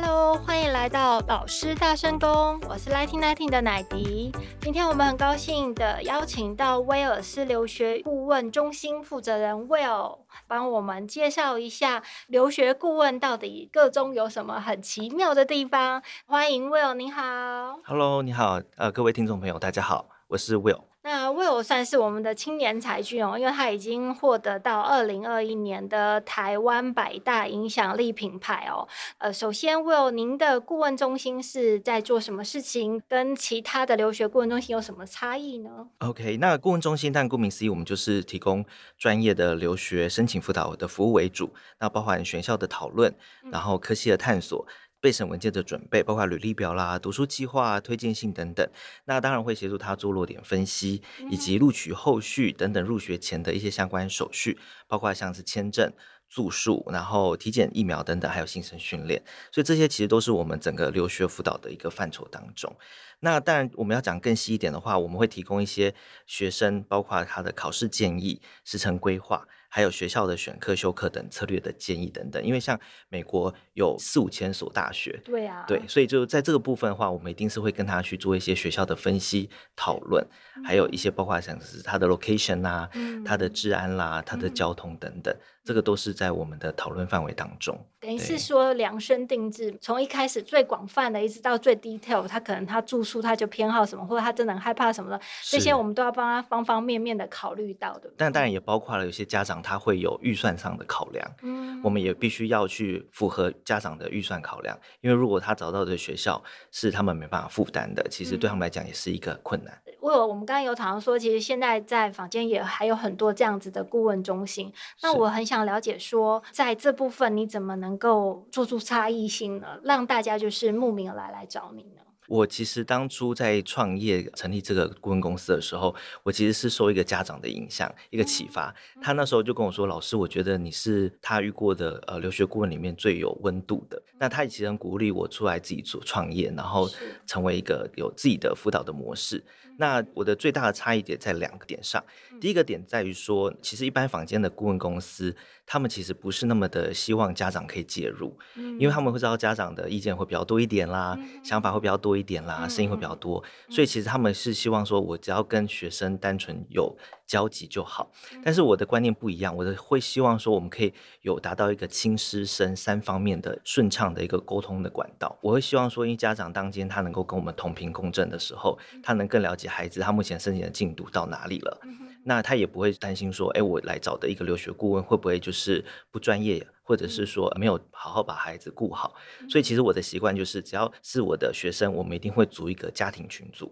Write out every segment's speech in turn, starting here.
Hello，歡迎來到老師大聲公，我是 Lightning 的奶迪。今天我們很高興的邀請到威斯留學顧問中心負責人 Will，幫我們介紹一下留學顧問到底個中有什麼很奇妙的地方。歡迎 Will，你好。Hello，你好，呃，各位聽眾朋友，大家好，我是 Will。那 Will 算是我們的青年才俊哦，因為他已經獲得到二零二一年的台灣百大影響力品牌哦。呃，首先 Will，您的顧問中心是在做什麼事情？跟其他的留學顧問中心有什麼差異呢？OK，那顧問中心，但顧名思義，我們就是提供專業的留學申請輔導的服務為主，那包含學校的討論，然後科系的探索。嗯備審文件的準備，包括履歷表啦、讀書計劃、推薦信等等。那當然會協助他做落點分析，以及錄取後續等等入學前的一些相關手續，包括像是簽證、住宿，然後體檢、疫苗等等，還有新生訓練。所以這些其實都是我們整個留學輔導的一個範疇當中。那當然，我們要講更細一點的話，我們會提供一些學生，包括他的考試建議、時程規劃，還有學校的選課、修課等策略的建議等等。因為像美國有四五千所大學，對啊，對，所以就在這個部分的話，我們一定是會跟他去做一些學校的分析討論，對還有一些包括像是他的 location 啊，嗯、他的治安啦、啊，他的交通等等，嗯、這個都是在我們的討論範圍當中。嗯、對等於是說量身定制，從一開始最廣泛的，一直到最 detail，他可能他住。他就偏好什麼，或者他真的很害怕什麼的。是這些我們都要幫他方方面面的考慮到，的。但當然也包括了有些家長他會有預算上的考量，嗯，我們也必須要去符合家長的預算考量，嗯、因為如果他找到的學校是他們沒辦法負擔的，其實對他們來講也是一個困難。嗯、為我有我們剛剛有討論說，其實現在在坊間也還有很多這樣子的顧問中心，那我很想了解說，是在這部分你怎麼能夠做出差異性呢？讓大家就是慕名而來來找你呢？我其實當初在創業成立這個顧問公司的時候，我其實是受一個家長的影響，一個啟發。他那時候就跟我說：“老師，我覺得你是他遇過的呃留學顧問裡面最有溫度的。”那他其實很鼓勵我出來自己做創業，然後成為一個有自己的輔導的模式。是那我的最大的差異點在兩個點上。嗯、第一個點在於說，其實一般坊間的顧問公司，他們其實不是那麼的希望家長可以介入，嗯、因為他們會知道家長的意見會比較多一點啦，嗯、想法會比較多。一點啦，聲音會比較多，嗯、所以其實他們是希望說，我只要跟學生單純有交集就好。但是我的觀念不一樣，我的會希望說，我們可以有達到一個親師生三方面的順暢的一個溝通的管道。我會希望說，因為家長當天他能夠跟我們同頻共振的時候，他能更了解孩子他目前申請的進度到哪裡了。那他也不會擔心說，哎、欸，我來找的一個留學顧問會不會就是不專業，或者是說沒有好好把孩子顧好？所以其實我的習慣就是，只要是我的學生，我們一定會組一個家庭群組。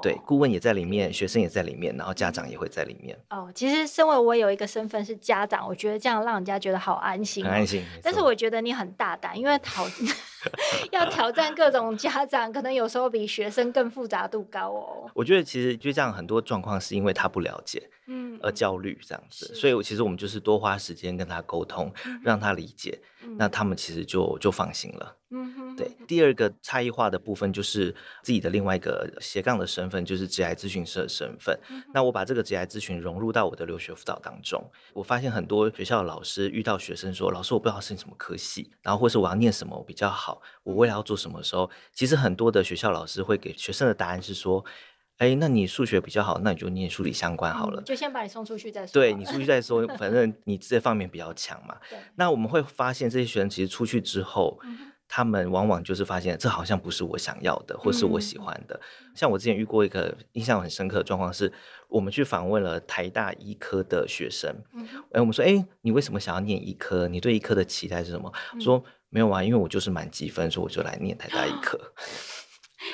對，顧問也在裡面，嗯、學生也在裡面，然後家長也會在裡面。哦，其實身為我有一個身份是家長，我覺得這樣讓人家覺得好安心、喔，很安心。但是我覺得你很大膽，因為挑 要挑戰各種家長， 可能有時候比學生更複雜度高哦、喔。我覺得其實就這樣，很多狀況是因為他不了解，嗯，而焦慮這樣子。嗯、所以其實我們就是多花時間跟他溝通，讓他理解，嗯、那他們其實就就放心了。嗯哼。對，第二個差異化的部分就是自己的另外一個斜槓的身份，就是職業諮詢師的身份。嗯、哼那我把這個職業諮詢融入到我的留學輔導當中，我發現很多學校老師遇到學生說：“老師，我不知道是什什麼科系，然後或是我要念什麼比較好，我未來要做什麼時候？”其實很多的學校老師會給學生的答案是說：“哎，那你數學比較好，那你就念數理相關好了。嗯”就先把你送出去再說。對，你出去再說，反正你這方面比較強嘛。嗯、哼那我們會發現這些學生其實出去之後。嗯他們往往就是發現，這好像不是我想要的，或是我喜歡的。嗯、像我之前遇過一個印象很深刻的狀況，是我們去訪問了台大醫科的學生。哎、嗯欸，我們說，哎、欸，你為什麼想要念醫科？你對醫科的期待是什麼？說沒有啊，因為我就是滿級分，所以我就來念台大醫科。嗯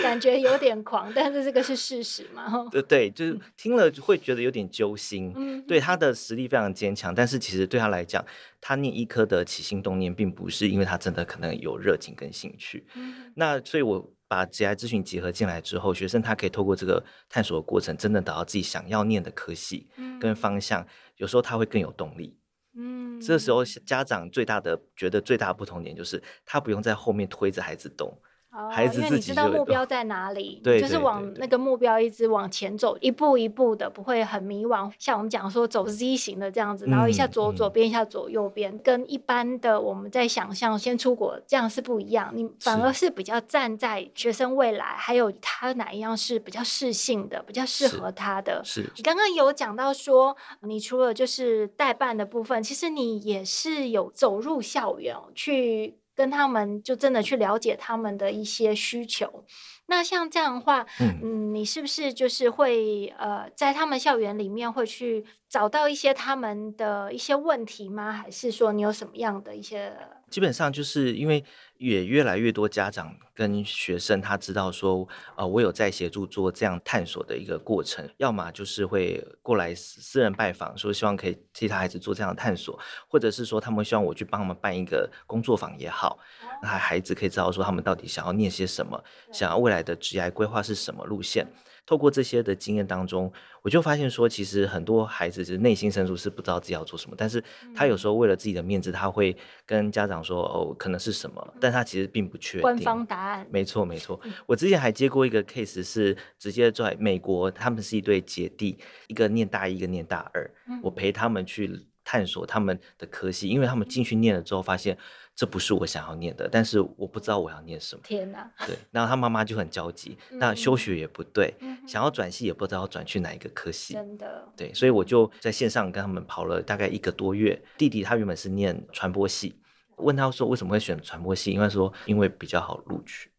感覺有點狂，但是這個是事實嘛？對 對，就是聽了會覺得有點揪心。嗯、對，他的實力非常堅強，但是其實對他來講，他念醫科的起心動念，並不是因為他真的可能有熱情跟興趣。嗯，那所以我把職業諮詢結合進來之後，學生他可以透過這個探索的過程，真的找到自己想要念的科系跟方向。嗯、有時候他會更有動力。嗯，這時候家長最大的覺得最大的不同點就是，他不用在後面推着孩子動。啊，孩子因為你知道目標在哪裡，對對對對對，就是往那個目標一直往前走，一步一步的，不會很迷惘。像我們講說走 Z 型的這樣子，嗯、然後一下左左邊，嗯、一下左右邊，跟一般的我們在想象先出國這樣是不一樣。你反而是比較站在學生未來，是還有他哪一樣是比較適性的，比較適合他的。是，是你剛剛有講到說，你除了就是代辦的部分，其實你也是有走入校園、喔、去。跟他們就真的去了解他們的一些需求，那像這樣的話，嗯，嗯，你是不是就是會呃，在他們校園裡面會去找到一些他們的一些問題嗎？還是說你有什麼樣的一些？基本上就是因為。也越來越多家長跟學生，他知道說，呃，我有在協助做這樣探索的一個過程，要麼就是會過來私私人拜訪，說希望可以替他孩子做這樣的探索，或者是說他們希望我去幫他們辦一個工作坊也好，那孩子可以知道說他們到底想要念些什麼，想要未來的職業規劃是什麼路線。透過這些的經驗當中，我就發現說，其實很多孩子是內心深處是不知道自己要做什麼，但是他有時候為了自己的面子，他會跟家長說，哦，可能是什麼。但他其實並不確定。官方答案，沒錯沒錯。沒錯嗯、我之前還接過一個 case，是直接在美國，他們是一對姐弟，一個念大一，一個念大二。嗯、我陪他們去探索他們的科系，因為他們進去念了之後，發現、嗯、這不是我想要念的，但是我不知道我要念什麼。天哪！對，然後他媽媽就很焦急，嗯、那休學也不對，嗯、想要轉系也不知道要轉去哪一個科系。真的。對，所以我就在線上跟他們跑了大概一個多月。弟弟他原本是念傳播系。問他說為什麼會選傳播系？因為說因為比較好錄取。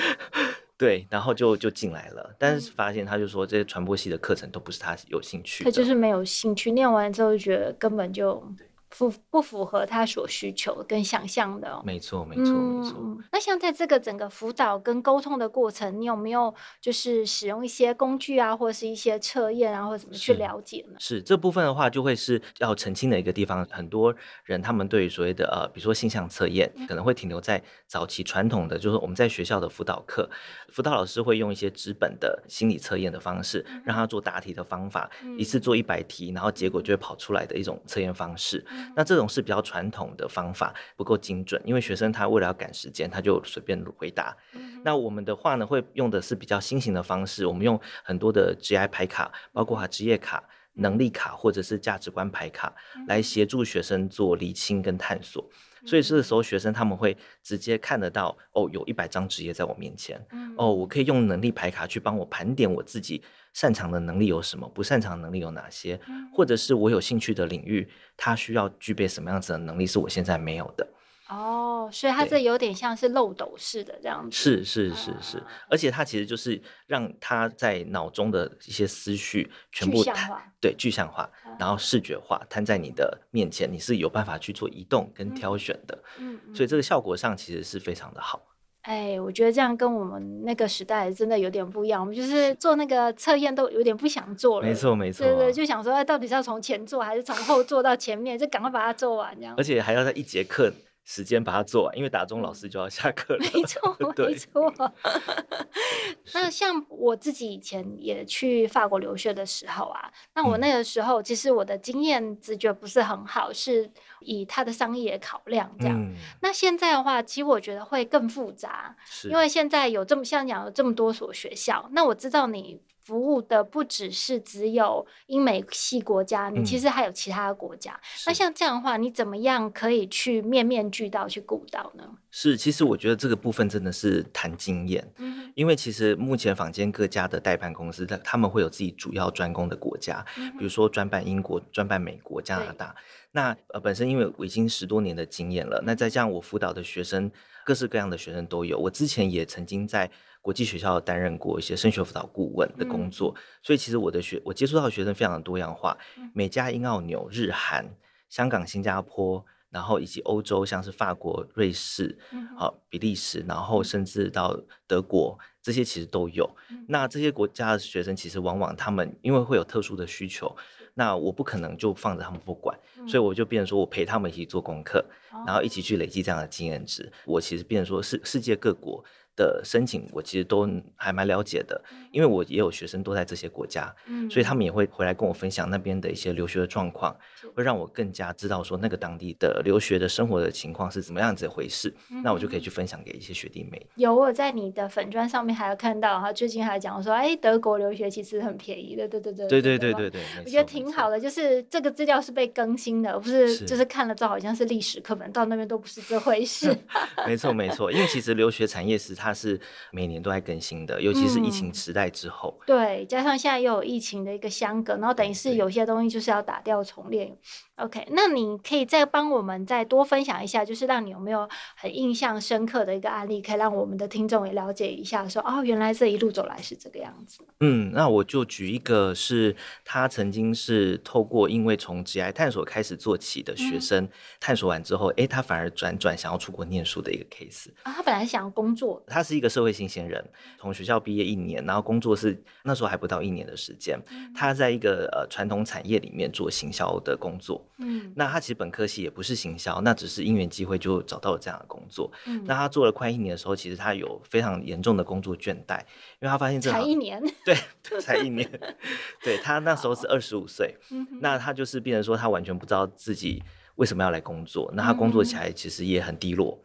對，然後就就進來了。但是發現他就說，這些傳播系的課程都不是他有興趣，他就是沒有興趣。念完之後就覺得根本就。符不符合他所需求跟想象的、哦？沒錯，沒錯，嗯、沒錯。那像在這個整個輔導跟溝通的過程，你有沒有就是使用一些工具啊，或是一些測驗啊，或怎麼去了解呢？是，是這部分的話，就會是要澄清的一個地方。很多人他們對於所謂的呃，比如說性向測驗，可能會停留在早期傳統的，就是我們在學校的輔導課，輔導老師會用一些紙本的心理測驗的方式，讓他做答題的方法，嗯、一次做一百題，嗯、然後結果就會跑出來的一種測驗方式。那這種是比較傳統的方法，不夠精準，因為學生他為了要趕時間，他就隨便回答。嗯、哼那我們的話呢，會用的是比較新型的方式，我們用很多的生涯牌卡，包括職業卡。能力卡，或者是價值觀牌卡來協助學生做釐清跟探索，嗯、所以這個時候學生他們會直接看得到哦，有一百張職業在我面前，嗯、哦，我可以用能力牌卡去幫我盤點我自己擅長的能力有什麼，不擅長能力有哪些，嗯、或者是我有興趣的領域，它需要具備什麼樣子的能力是我現在沒有的。哦，所以它這有點像是漏斗式的這樣子，是是是是，是是是嗯、而且它其實就是讓他在腦中的一些思緒全部對具象化，象化嗯、然後視覺化攤在你的面前，你是有辦法去做移動跟挑選的，嗯，所以這個效果上其實是非常的好。哎、嗯嗯欸，我覺得這樣跟我們那個時代真的有點不一樣，是我們就是做那個測驗都有點不想做了，沒錯沒錯，對，對對，就想說哎、啊，到底是要從前做還是從後做到前面， 就趕快把它做完這樣，而且還要在一節課時間把它做完，因為打鐘，老師就要下課了。沒錯，對沒錯。 那像我自己以前也去法國留學的時候啊，是那我那個時候其實我的經驗直覺不是很好，是以他的商業的考量這樣。嗯、那現在的話，其實我覺得會更複雜，是因為現在有這麼像講有這麼多所學校。那我知道你。服務的不只是只有英美系國家，你、嗯、其實還有其他的國家。是那像這樣的話，你怎麼樣可以去面面俱到去顧到呢？是，其實我覺得這個部分真的是談經驗，嗯、因為其實目前坊間各家的代辦公司，他他們會有自己主要專攻的國家，嗯、比如說專辦英國、專辦美國、加拿大。對那呃，本身因為我已經十多年的經驗了，那再加上我輔導的學生，各式各樣的學生都有。我之前也曾經在。國際學校擔任過一些升學輔導顧問的工作，嗯、所以其實我的學我接觸到的學生非常的多樣化，美加、嗯、英、澳、紐、日、韓、香港、新加坡，然後以及歐洲像是法國、瑞士，好、嗯哼哦、比利時，然後甚至到德國，嗯、這些其實都有。嗯、那這些國家的學生其實往往他們因為會有特殊的需求，那我不可能就放着他們不管，嗯、所以我就變成說我陪他們一起做功課，嗯、然後一起去累積這樣的經驗值。哦、我其實變成說是世界各國。的申請，我其實都還蠻了解的，嗯、因為我也有學生都在這些國家，嗯、所以他們也會回來跟我分享那邊的一些留學的狀況，實會讓我更加知道說那個當地的留學的生活的情況是怎麼樣子的回事。嗯、哼那我就可以去分享給一些學弟妹。有，我在你的粉專上面還有看到哈，然後最近還講說，哎，德國留學其實很便宜的，對對對，對對對對對對對,對,對我覺得挺好的，錯就是這個資料是被更新的，不是就是看了之後好像是歷史課本是到那邊都不是這回事。 沒錯沒錯，因為其實留學產業市場。它是每年都在更新的，尤其是疫情時代之後，嗯、對，加上現在又有疫情的一個相隔，然後等於是有些東西就是要打掉重練。嗯、OK，那你可以再幫我們再多分享一下，就是讓你有沒有很印象深刻的一個案例，可以讓我們的聽眾也了解一下說，說哦，原來這一路走來是這個樣子。嗯，那我就舉一個是，是他曾經是透過因為從職涯探索開始做起的學生，嗯、探索完之後，哎、欸，他反而轉轉想要出國念書的一個 case 啊，他本來是想要工作。他是一個社會新鮮人，從學校畢業一年，然後工作是那時候還不到一年的時間。嗯、他在一個呃傳統產業裡面做行銷的工作，嗯，那他其實本科系也不是行銷，那只是因緣機會就找到了這樣的工作。嗯，那他做了快一年的時候，其實他有非常嚴重的工作倦怠，因為他發現，這才一年，對，才一年， 對，他那時候是二十五歲，嗯、那他就是變成說他完全不知道自己為什麼要來工作，嗯、哼那他工作起來其實也很低落。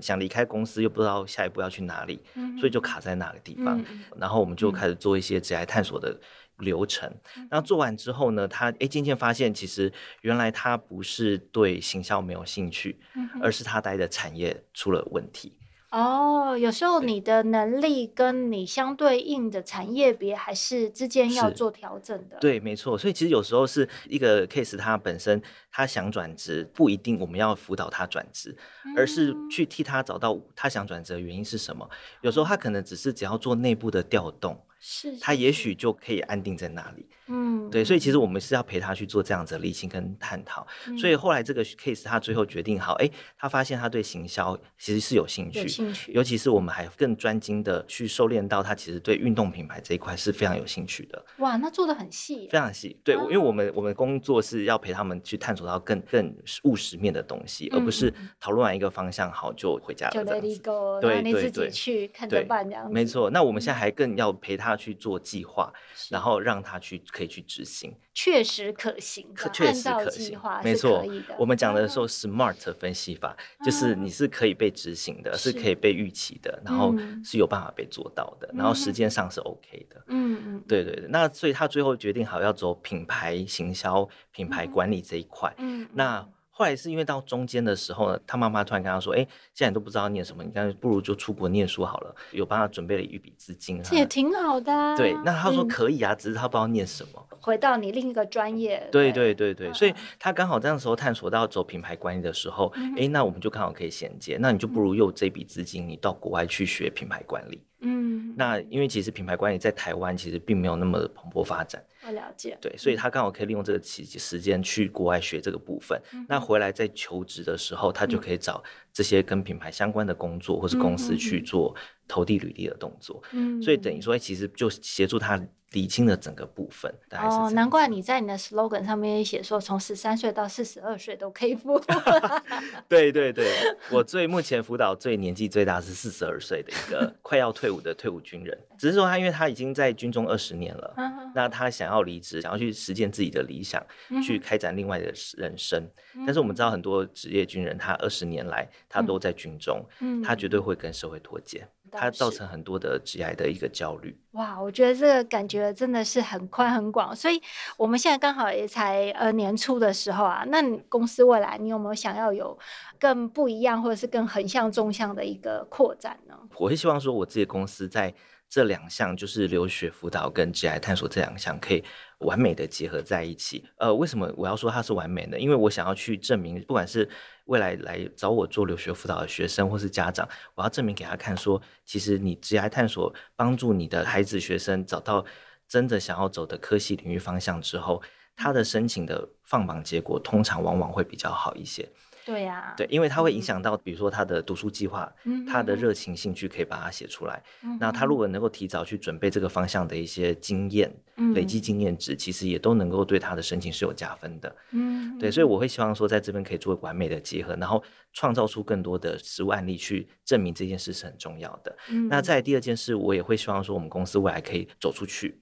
想離開公司又不知道下一步要去哪裡，嗯、哼所以就卡在那個地方。嗯、哼然後我們就開始做一些職業探索的流程。那、嗯、哼做完之後呢，他哎漸漸發現，其實原來他不是對行銷沒有興趣，嗯、哼而是他待的產業出了問題。哦，有時候你的能力跟你相對應的產業別還是之間要做調整的。對，沒錯。所以其實有時候是一個 case，他本身他想轉職，不一定我們要輔導他轉職，而是去替他找到他想轉職的原因是什麼？嗯、有時候他可能只是只要做內部的調動。是，是他也許就可以安定在那裡。嗯，對，所以其實我們是要陪他去做這樣子的釐清跟探討。嗯、所以後來這個 case，他最後決定好，哎、欸，他發現他對行銷其實是有興趣，有興趣。尤其是我們還更專精的去收斂到他，其實對運動品牌這一塊是非常有興趣的。嗯、哇，那做的很細，非常細。對，啊、因為我們我們工作是要陪他們去探索到更更務實面的東西，嗯嗯、而不是討論完一個方向好就回家了這樣子。對，你自己去看着辦，這樣子。沒錯，那我們現在還更要陪他去做計劃，然後讓他去可以去執行，確實可行，確實可行，沒錯。我們講的時候，SMART 分析法就是你是可以被執行的，是可以被預期的，然後是有辦法被做到的，然後時間上是 OK 的。嗯嗯，對對對。那所以他最後決定好要走品牌行銷、品牌管理這一塊。嗯，那。後來是因為到中間的時候呢，他媽媽突然跟他說：“哎、欸，現在你都不知道念什麼，你乾脆不如就出國念書好了，有幫他準備了一筆資金，這也挺好的、啊。”對，那他說可以啊，嗯、只是他不知道念什麼。回到你另一個專業，嗯、對對對對，嗯、所以他剛好這樣的時候探索到走品牌管理的時候，哎、嗯哼欸，那我們就剛好可以銜接，那你就不如用這筆資金，你到國外去學品牌管理。嗯。那因為其實品牌管理在台灣其實並沒有那麼的蓬勃發展，我了解。對，所以他剛好可以利用這個期時間去國外學這個部分，嗯、哼那回來在求職的時候，他就可以找這些跟品牌相關的工作或是公司去做。嗯投地履地的動作，嗯，所以等於說，其實就協助他理清了整個部分。但還哦，難怪你在你的 slogan 上面寫說，從十三歲到四十二歲都可以輔導。 對對對， 我最目前輔導最年紀最大是四十二歲的一個快要退伍的退伍軍人。 只是說他，因為他已經在軍中二十年了， 那他想要離職，想要去實踐自己的理想，嗯、去開展另外的人生。嗯、但是我們知道，很多職業軍人，他二十年來他都在軍中，嗯嗯、他絕對會跟社會脫節。它造成很多的職涯的一個焦慮。哇，我覺得這個感覺真的是很寬很廣，所以我們現在剛好也才呃年初的時候啊，那你公司未來你有沒有想要有更不一樣或者是更橫向縱向的一個擴展呢？我是希望說，我自己公司在這兩項，就是留學輔導跟職涯探索這兩項可以完美的結合在一起。呃，為什麼我要說它是完美呢？因為我想要去證明，不管是未來來找我做留學輔導的學生或是家長，我要證明給他看說，說其實你職業探索幫助你的孩子、學生找到真的想要走的科系領域方向之後，他的申請的放榜結果通常往往會比較好一些。對呀、啊，對，因為他會影響到，比如說他的讀書計劃，他、嗯、哼的熱情興趣可以把它寫出來。嗯、哼那他如果能夠提早去準備這個方向的一些經驗，累積經驗值，嗯、其實也都能夠對他的申請是有加分的。嗯哼，對，所以我會希望說，在這邊可以做完美的結合，然後創造出更多的實物案例去證明這件事是很重要的。嗯、那再第二件事，我也會希望說，我們公司未來可以走出去。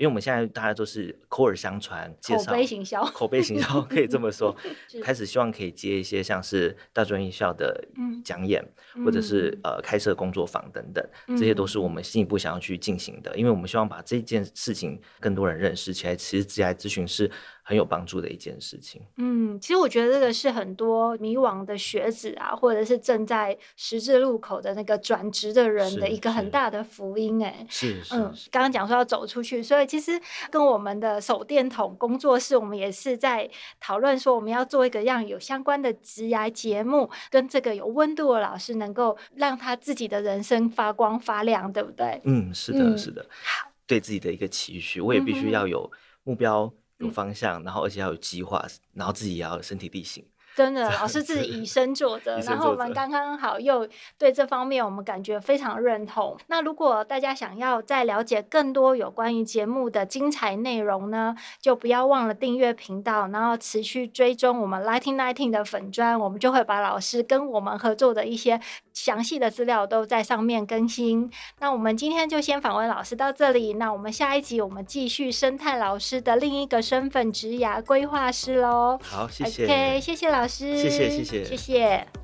因為我們現在大家都是口耳相傳介紹、口碑行銷， 口碑行銷可以這麼說。 是開始希望可以接一些像是大專院校的講演，嗯、或者是呃開設工作坊等等，這些都是我們進一步想要去進行的。嗯、因為我們希望把這件事情更多人認識起來，其實職業諮詢是。很有幫助的一件事情。嗯，其實我覺得這個是很多迷惘的學子啊，或者是正在十字路口的那個轉職的人的一個很大的福音、欸。哎，是，是嗯，是是剛剛講說要走出去，所以其實跟我們的手電筒工作室，我們也是在討論說，我們要做一個讓有相關的職涯節目，跟這個有溫度的老師，能夠讓他自己的人生發光發亮，對不對？嗯，是的，嗯、是的，好，對自己的一個期許，我也必須要有目標、嗯。有、嗯、方向，然後而且要有計劃，然後自己也要有身體力行。真的，老師自己以身作則， 然後我們剛剛好又對這方面我們感覺非常認同。 那如果大家想要再了解更多有關於節目的精彩內容呢，就不要忘了訂閱頻道，然後持續追蹤我們 Lighting 19的粉專，我們就會把老師跟我們合作的一些詳細的資料都在上面更新。那我們今天就先訪問老師到這裡，那我們下一集我們繼續生態老師的另一個身份——職涯規劃師嘍。好，謝謝。OK，謝謝老師。老師，謝謝謝謝謝謝。謝謝謝謝。